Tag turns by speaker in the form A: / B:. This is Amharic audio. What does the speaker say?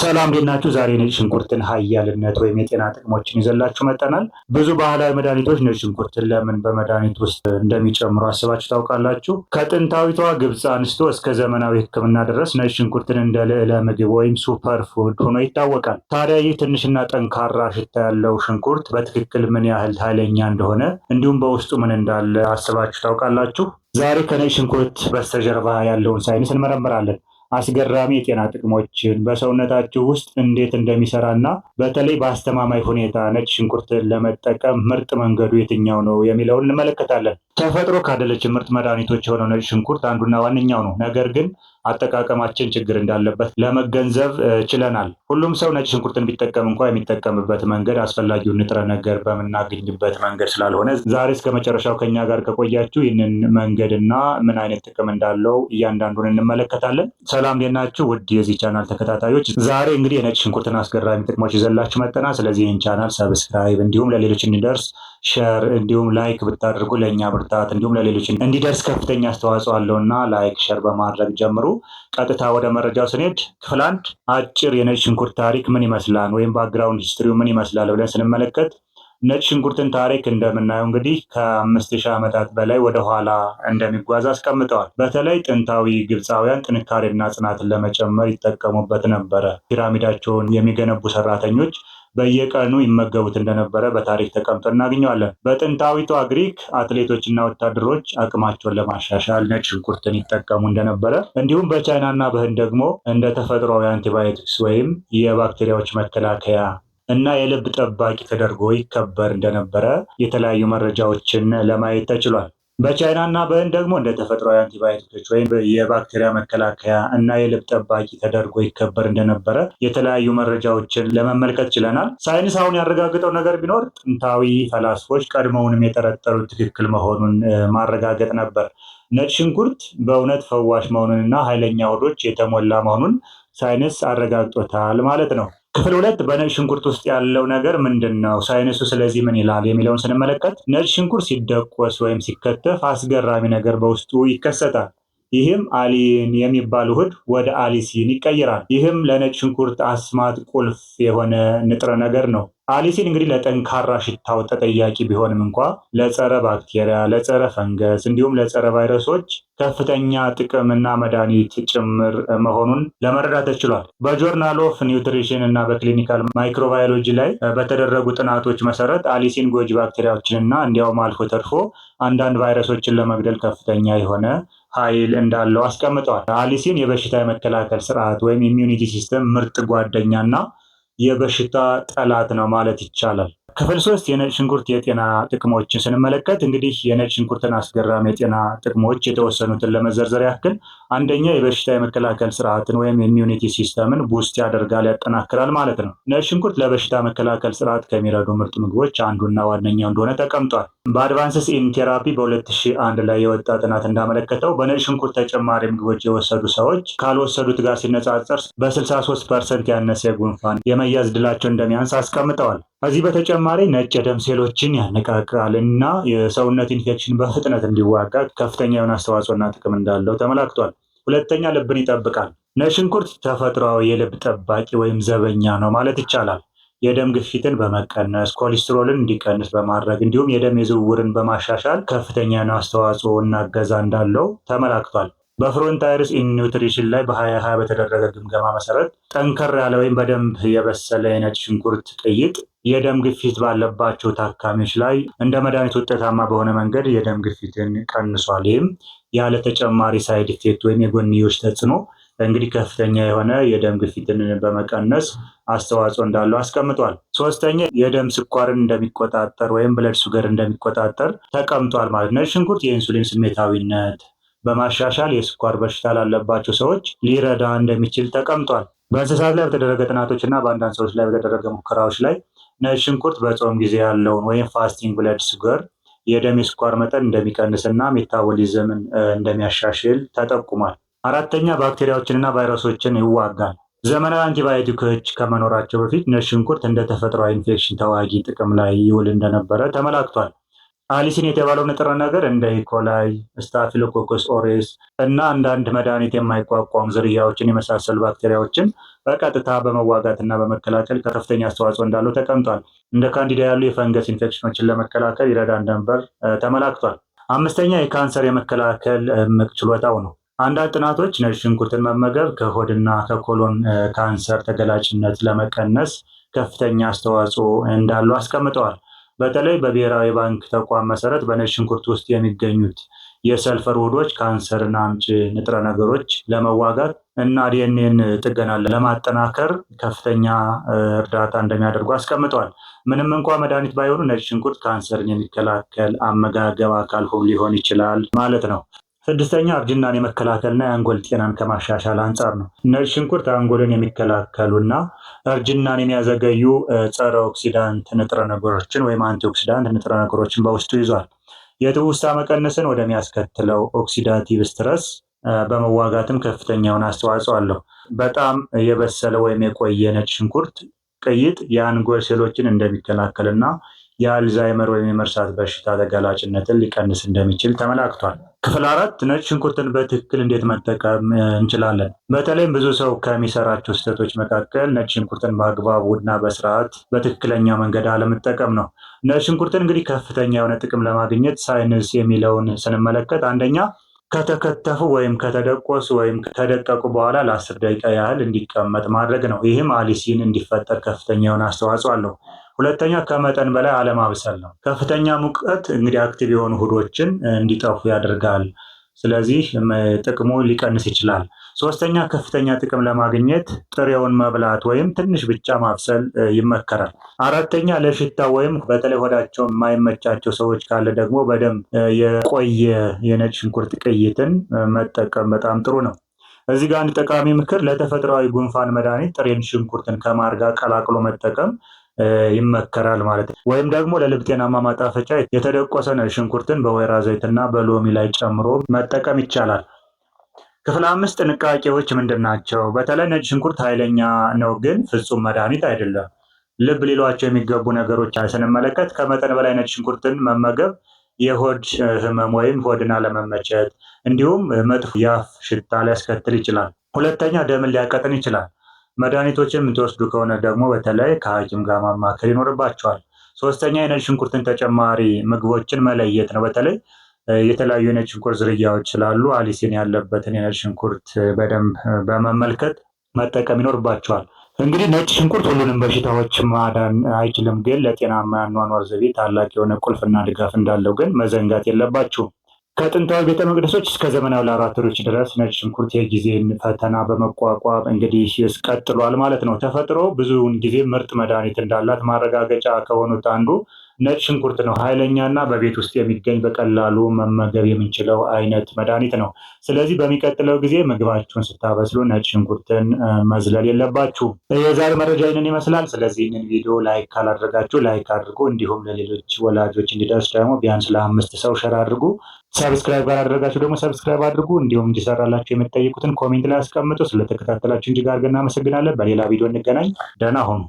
A: ሰላም ዴናችሁ። ዛሬ ነጭ ሽንኩርትን ኃያልነት ወይም የጤና ጥቅሞችን ይዘላችሁ መጠናል። ብዙ ባህላዊ መድኃኒቶች ነጭ ሽንኩርትን ለምን በመድኃኒት ውስጥ እንደሚጨምሩ አስባችሁ ታውቃላችሁ? ከጥንታዊቷ ግብፅ አንስቶ እስከ ዘመናዊ ሕክምና ድረስ ነጭ ሽንኩርትን እንደ ልዕለ ምግብ ወይም ሱፐር ፉድ ሆኖ ይታወቃል። ታዲያ ይህ ትንሽና ጠንካራ ሽታ ያለው ሽንኩርት በትክክል ምን ያህል ኃይለኛ እንደሆነ እንዲሁም በውስጡ ምን እንዳለ አስባችሁ ታውቃላችሁ? ዛሬ ከነጭ ሽንኩርት በስተጀርባ ያለውን ሳይንስ እንመረምራለን። አስገራሚ የጤና ጥቅሞችን በሰውነታችሁ ውስጥ እንዴት እንደሚሰራና በተለይ በአስተማማኝ ሁኔታ ነጭ ሽንኩርትን ለመጠቀም ምርጥ መንገዱ የትኛው ነው የሚለውን እንመለከታለን። ተፈጥሮ ካደለች ምርጥ መድኃኒቶች የሆነው ነጭ ሽንኩርት አንዱና ዋነኛው ነው። ነገር ግን አጠቃቀማችን ችግር እንዳለበት ለመገንዘብ ችለናል። ሁሉም ሰው ነጭ ሽንኩርትን ቢጠቀም እንኳ የሚጠቀምበት መንገድ አስፈላጊውን ንጥረ ነገር በምናገኝበት መንገድ ስላልሆነ ዛሬ እስከ መጨረሻው ከኛ ጋር ከቆያችሁ ይህንን መንገድ እና ምን አይነት ጥቅም እንዳለው እያንዳንዱን እንመለከታለን። ሰላም ሌናችሁ ውድ የዚህ ቻናል ተከታታዮች፣ ዛሬ እንግዲህ የነጭ ሽንኩርትን አስገራሚ ጥቅሞች ይዘላችሁ መጠና። ስለዚህ ይህን ቻናል ሰብስክራይብ እንዲሁም ለሌሎች እንዲደርስ ሸር እንዲሁም ላይክ ብታደርጉ ለእኛ ብርታት እንዲሁም ለሌሎች እንዲደርስ ከፍተኛ አስተዋጽኦ አለው እና ላይክ ሸር በማድረግ ጀምሩ። ቀጥታ ወደ መረጃው ስንሄድ ክፍል አንድ አጭር የነጭ ሽንኩርት ታሪክ ምን ይመስላል ወይም ባክግራውንድ ሂስትሪው ምን ይመስላል ብለን ስንመለከት ነጭ ሽንኩርትን ታሪክ እንደምናየው እንግዲህ ከአምስት ሺህ ዓመታት በላይ ወደኋላ እንደሚጓዝ አስቀምጠዋል። በተለይ ጥንታዊ ግብፃውያን ጥንካሬና ጽናትን ለመጨመር ይጠቀሙበት ነበረ። ፒራሚዳቸውን የሚገነቡ ሰራተኞች በየቀኑ ይመገቡት እንደነበረ በታሪክ ተቀምጦ እናገኘዋለን። በጥንታዊቷ ግሪክ አትሌቶችና ወታደሮች አቅማቸውን ለማሻሻል ነጭ ሽንኩርትን ይጠቀሙ እንደነበረ እንዲሁም በቻይናና በህንድ ደግሞ እንደ ተፈጥሯዊ አንቲባዮቲክስ ወይም የባክቴሪያዎች መከላከያ እና የልብ ጠባቂ ተደርጎ ይከበር እንደነበረ የተለያዩ መረጃዎችን ለማየት ተችሏል። በቻይና እና በህንድ ደግሞ እንደ ተፈጥሯዊ አንቲባዮቲኮች ወይም የባክቴሪያ መከላከያ እና የልብ ጠባቂ ተደርጎ ይከበር እንደነበረ የተለያዩ መረጃዎችን ለመመልከት ችለናል። ሳይንስ አሁን ያረጋግጠው ነገር ቢኖር ጥንታዊ ፈላስፎች ቀድሞውንም የጠረጠሩት ትክክል መሆኑን ማረጋገጥ ነበር። ነጭ ሽንኩርት በእውነት ፈዋሽ መሆኑንና ኃይለኛ ውዶች የተሞላ መሆኑን ሳይንስ አረጋግጦታል ማለት ነው። ክፍል ሁለት በነጭ ሽንኩርት ውስጥ ያለው ነገር ምንድን ነው? ሳይንሱ ስለዚህ ምን ይላል? የሚለውን ስንመለከት ነጭ ሽንኩርት ሲደቆስ ወይም ሲከተፍ አስገራሚ ነገር በውስጡ ይከሰታል። ይህም አሊን የሚባል ውህድ ወደ አሊሲን ይቀይራል። ይህም ለነጭ ሽንኩርት አስማት ቁልፍ የሆነ ንጥረ ነገር ነው። አሊሲን እንግዲህ ለጠንካራ ሽታው ተጠያቂ ቢሆንም እንኳ ለጸረ ባክቴሪያ፣ ለጸረ ፈንገስ እንዲሁም ለጸረ ቫይረሶች ከፍተኛ ጥቅምና መድኃኒት ጭምር መሆኑን ለመረዳት ተችሏል። በጆርናል ኦፍ ኒውትሪሽን እና በክሊኒካል ማይክሮባዮሎጂ ላይ በተደረጉ ጥናቶች መሰረት አሊሲን ጎጂ ባክቴሪያዎችንና እንዲያውም አልፎ ተርፎ አንዳንድ ቫይረሶችን ለመግደል ከፍተኛ የሆነ ኃይል እንዳለው አስቀምጠዋል። አሊሲን የበሽታ የመከላከል ስርዓት ወይም ኢሚዩኒቲ ሲስተም ምርጥ ጓደኛና የበሽታ ጠላት ነው ማለት ይቻላል። ክፍል ሶስት የነጭ ሽንኩርት የጤና ጥቅሞችን ስንመለከት እንግዲህ የነጭ ሽንኩርትን አስገራሚ የጤና ጥቅሞች የተወሰኑትን ለመዘርዘር ያክል፣ አንደኛ የበሽታ የመከላከል ስርዓትን ወይም ኢሚዩኒቲ ሲስተምን ቡስት ያደርጋል፣ ያጠናክራል ማለት ነው። ነጭ ሽንኩርት ለበሽታ መከላከል ስርዓት ከሚረዱ ምርጥ ምግቦች አንዱና ዋነኛው እንደሆነ ተቀምጧል። በአድቫንስስ ኢን ቴራፒ በ2001 ላይ የወጣ ጥናት እንዳመለከተው በነጭ ሽንኩርት ተጨማሪ ምግቦች የወሰዱ ሰዎች ካልወሰዱት ጋር ሲነጻጸር በ63 ፐርሰንት ያነሰ ጉንፋን የመያዝ ድላቸው እንደሚያንስ አስቀምጠዋል። ከዚህ በተጨማሪ ነጭ የደም ሴሎችን ያነቃቃል እና የሰውነት ኢንፌክሽን በፍጥነት እንዲዋጋ ከፍተኛ የሆነ አስተዋጽኦና ጥቅም እንዳለው ተመላክቷል። ሁለተኛ፣ ልብን ይጠብቃል። ነጭ ሽንኩርት ተፈጥሯዊ የልብ ጠባቂ ወይም ዘበኛ ነው ማለት ይቻላል። የደም ግፊትን በመቀነስ ኮሌስትሮልን እንዲቀንስ በማድረግ እንዲሁም የደም የዝውውርን በማሻሻል ከፍተኛ አስተዋጽኦ እና እገዛ እንዳለው ተመላክቷል። በፍሮንታይርስ ኢን ላይ በ2020 በተደረገ ግምገማ መሰረት ጠንከር ያለ ወይም በደንብ የበሰለ የነጭ ሽንኩርት ቅይጥ የደም ግፊት ባለባቸው ታካሚዎች ላይ እንደ መድኃኒት ውጤታማ በሆነ መንገድ የደም ግፊትን ቀንሷል። ይህም ያለ ተጨማሪ ሳይድ ኢፌክት ወይም የጎንዮች ተጽዕኖ እንግዲህ ከፍተኛ የሆነ የደም ግፊትን በመቀነስ አስተዋጽኦ እንዳለው አስቀምጧል። ሶስተኛ የደም ስኳርን እንደሚቆጣጠር ወይም ብለድ ሱገር እንደሚቆጣጠር ተቀምጧል ማለት ነው። ሽንኩርት የኢንሱሊን ስሜታዊነት በማሻሻል የስኳር በሽታ ላለባቸው ሰዎች ሊረዳ እንደሚችል ተቀምጧል። በእንስሳት ላይ በተደረገ ጥናቶች እና በአንዳንድ ሰዎች ላይ በተደረገ ሙከራዎች ላይ ነጭ ሽንኩርት በጾም ጊዜ ያለውን ወይም ፋስቲንግ ብለድ ሱገር የደም የስኳር መጠን እንደሚቀንስና ሜታቦሊዝምን እንደሚያሻሽል ተጠቁሟል። አራተኛ ባክቴሪያዎችንና ቫይረሶችን ይዋጋል። ዘመናዊ አንቲባዮቲኮች ከመኖራቸው በፊት ነጭ ሽንኩርት እንደ ተፈጥሯዊ ኢንፌክሽን ተዋጊ ጥቅም ላይ ይውል እንደነበረ ተመላክቷል። አሊሲን የተባለው ንጥረ ነገር እንደ ኢኮላይ፣ ስታፊሎኮኮስ ኦሬስ እና አንዳንድ መድኃኒት የማይቋቋም ዝርያዎችን የመሳሰሉ ባክቴሪያዎችን በቀጥታ በመዋጋት እና በመከላከል ከፍተኛ አስተዋጽኦ እንዳለው ተቀምጧል። እንደ ካንዲዳ ያሉ የፈንገስ ኢንፌክሽኖችን ለመከላከል ይረዳ እንደነበር ተመላክቷል። አምስተኛ የካንሰር የመከላከል እምቅ ችሎታው ነው። አንዳንድ ጥናቶች ነጭ ሽንኩርትን መመገብ ከሆድና ከኮሎን ካንሰር ተገላጭነት ለመቀነስ ከፍተኛ አስተዋጽኦ እንዳለው አስቀምጠዋል። በተለይ በብሔራዊ ባንክ ተቋም መሰረት በነጭ ሽንኩርት ውስጥ የሚገኙት የሰልፈር ውህዶች ካንሰርን አምጪ ንጥረ ነገሮች ለመዋጋት እና ዲኤንኤን ጥገና ለማጠናከር ከፍተኛ እርዳታ እንደሚያደርጉ አስቀምጠዋል። ምንም እንኳ መድኃኒት ባይሆኑ ነጭ ሽንኩርት ካንሰርን የሚከላከል አመጋገብ አካል ሊሆን ይችላል ማለት ነው። ስድስተኛ እርጅናን የመከላከልና የአንጎል ጤናን ከማሻሻል አንጻር ነው። ነጭ ሽንኩርት አንጎልን የሚከላከሉና እርጅናን የሚያዘገዩ ጸረ ኦክሲዳንት ንጥረ ነገሮችን ወይም አንቲኦክሲዳንት ንጥረ ነገሮችን በውስጡ ይዟል። የትውስታ መቀነስን ወደሚያስከትለው ኦክሲዳቲቭ ስትረስ በመዋጋትም ከፍተኛውን አስተዋጽኦ አለው። በጣም የበሰለ ወይም የቆየ ነጭ ሽንኩርት ቅይጥ የአንጎል ሴሎችን እንደሚከላከልና የአልዛይመር ወይም የመርሳት በሽታ ተጋላጭነትን ሊቀንስ እንደሚችል ተመላክቷል። ክፍል አራት ነጭ ሽንኩርትን በትክክል እንዴት መጠቀም እንችላለን? በተለይም ብዙ ሰው ከሚሰራቸው ስህተቶች መካከል ነጭ ሽንኩርትን በአግባቡና በስርዓት በትክክለኛ መንገድ አለመጠቀም ነው። ነጭ ሽንኩርትን እንግዲህ ከፍተኛ የሆነ ጥቅም ለማግኘት ሳይንስ የሚለውን ስንመለከት አንደኛ ከተከተፉ ወይም ከተደቆሱ ወይም ከተደቀቁ በኋላ ለአስር ደቂቃ ያህል እንዲቀመጥ ማድረግ ነው። ይህም አሊሲን እንዲፈጠር ከፍተኛ የሆነ አስተዋጽኦ አለው። ሁለተኛ ከመጠን በላይ አለማብሰል ነው። ከፍተኛ ሙቀት እንግዲህ አክቲቭ የሆኑ ውህዶችን እንዲጠፉ ያደርጋል። ስለዚህ ጥቅሙ ሊቀንስ ይችላል። ሶስተኛ ከፍተኛ ጥቅም ለማግኘት ጥሬውን መብላት ወይም ትንሽ ብቻ ማብሰል ይመከራል። አራተኛ ለሽታ ወይም በተለይ ሆዳቸው የማይመቻቸው ሰዎች ካለ ደግሞ በደንብ የቆየ የነጭ ሽንኩርት ቅይትን መጠቀም በጣም ጥሩ ነው። እዚህ ጋር አንድ ጠቃሚ ምክር ለተፈጥሯዊ ጉንፋን መድኃኒት ጥሬን ሽንኩርትን ከማር ጋር ቀላቅሎ መጠቀም ይመከራል ማለት ነው። ወይም ደግሞ ለልብ ጤናማ ማጣፈጫ የተደቆሰ ነጭ ሽንኩርትን በወይራ ዘይትና በሎሚ ላይ ጨምሮ መጠቀም ይቻላል። ክፍል አምስት ጥንቃቄዎች ምንድን ናቸው? በተለይ ነጭ ሽንኩርት ኃይለኛ ነው፣ ግን ፍጹም መድኃኒት አይደለም። ልብ ሊሏቸው የሚገቡ ነገሮች ስንመለከት ከመጠን በላይ ነጭ ሽንኩርትን መመገብ የሆድ ህመም ወይም ሆድን አለመመቸት እንዲሁም መጥፎ የአፍ ሽታ ሊያስከትል ይችላል። ሁለተኛ ደምን ሊያቀጥን ይችላል። መድኃኒቶችን የምትወስዱ ከሆነ ደግሞ በተለይ ከሐኪም ጋር ማማከር ይኖርባቸዋል። ሶስተኛ የነጭ ሽንኩርትን ተጨማሪ ምግቦችን መለየት ነው። በተለይ የተለያዩ የነጭ ሽንኩርት ዝርያዎች ስላሉ አሊሲን ያለበትን የነጭ ሽንኩርት በደንብ በመመልከት መጠቀም ይኖርባቸዋል። እንግዲህ ነጭ ሽንኩርት ሁሉንም በሽታዎች ማዳን አይችልም፣ ግን ለጤናማ አኗኗር ዘይቤ ታላቅ የሆነ ቁልፍና ድጋፍ እንዳለው ግን መዘንጋት የለባችሁም። ከጥንታዊ ቤተ መቅደሶች እስከ ዘመናዊ ላብራቶሪዎች ድረስ ነጭ ሽንኩርት የጊዜን ፈተና በመቋቋም እንግዲህ ቀጥሏል ማለት ነው። ተፈጥሮ ብዙውን ጊዜ ምርጥ መድኃኒት እንዳላት ማረጋገጫ ከሆኑት አንዱ ነጭ ሽንኩርት ነው። ኃይለኛና በቤት ውስጥ የሚገኝ በቀላሉ መመገብ የምንችለው አይነት መድኃኒት ነው። ስለዚህ በሚቀጥለው ጊዜ ምግባችሁን ስታበስሉ ነጭ ሽንኩርትን መዝለል የለባችሁም። የዛሬ መረጃ ይህንን ይመስላል። ስለዚህ ይህንን ቪዲዮ ላይክ ካላደረጋችሁ ላይክ አድርጉ። እንዲሁም ለሌሎች ወላጆች እንዲደርስ ደግሞ ቢያንስ ለአምስት ሰው ሸር አድርጉ። ሰብስክራይብ ካላደረጋችሁ ደግሞ ሰብስክራይብ አድርጉ። እንዲሁም እንዲሰራላችሁ የምትጠይቁትን ኮሜንት ላይ አስቀምጡ። ስለተከታተላችሁ እጅግ አድርገን እናመሰግናለን። በሌላ ቪዲዮ እንገናኝ። ደህና ሁኑ።